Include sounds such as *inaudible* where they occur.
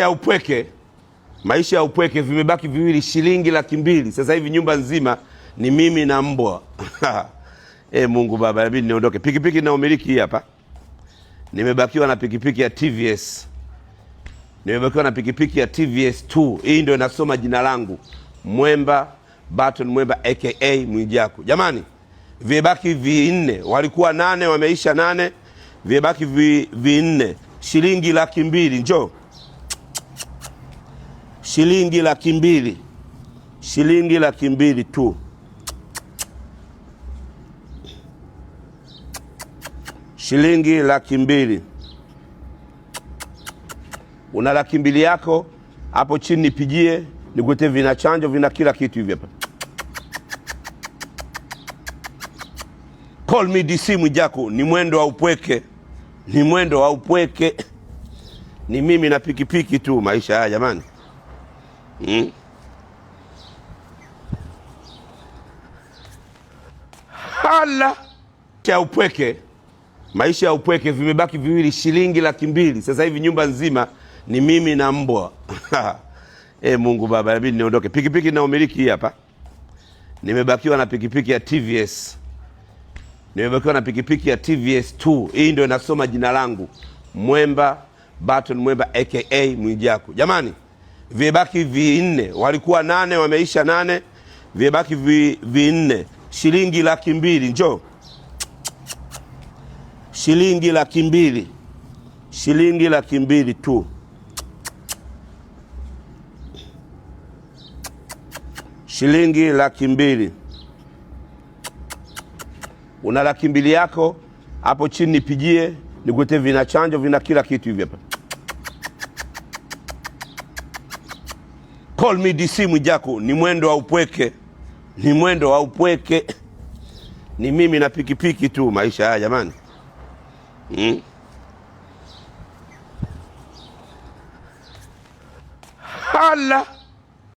ya upweke, maisha ya upweke, vimebaki viwili, shilingi laki mbili. Sasa hivi nyumba nzima ni mimi na mbwa *laughs* E, Mungu Baba, inabidi niondoke. Pikipiki naomiliki hii hapa, nimebakiwa na pikipiki ya TVS, nimebakiwa na pikipiki ya TVS 2 hii ndio inasoma jina langu Mwemba Baton Mwemba aka Mwijaku. Jamani, vibaki vinne, walikuwa nane, wameisha nane, vibaki vinne, shilingi laki mbili. Njoo shilingi laki mbili, shilingi laki mbili tu, shilingi laki mbili. Una laki mbili yako hapo chini, nipigie nikute vina chanjo vina kila kitu hivi hapa. Call me DC Mwijaku ni mwendo wa upweke, ni mwendo wa upweke, ni mimi na pikipiki tu. Maisha haya jamani. Hmm? Hala cha upweke, maisha ya upweke, vimebaki viwili, shilingi laki mbili. Sasa hivi nyumba nzima ni mimi na mbwa *laughs* E, Mungu Baba, nabidi niondoke. Pikipiki naomiliki hii hapa, nimebakiwa na pikipiki ya TVS, nimebakiwa na pikipiki ya TVS 2 hii ndio inasoma jina langu Mwemba Barton Mwemba aka Mwijaku. Jamani, vibaki vinne, walikuwa nane, wameisha nane, vibaki vinne, shilingi laki mbili. njo shilingi laki mbili, shilingi laki mbili tu, shilingi laki mbili. Una laki mbili yako hapo chini, nipigie nikuletee, vina chanjo, vina kila kitu hivi hapa. Call me DC Mwijaku ni mwendo wa upweke, ni mwendo wa upweke, ni mimi na pikipiki tu. Maisha haya jamani, hmm? Hala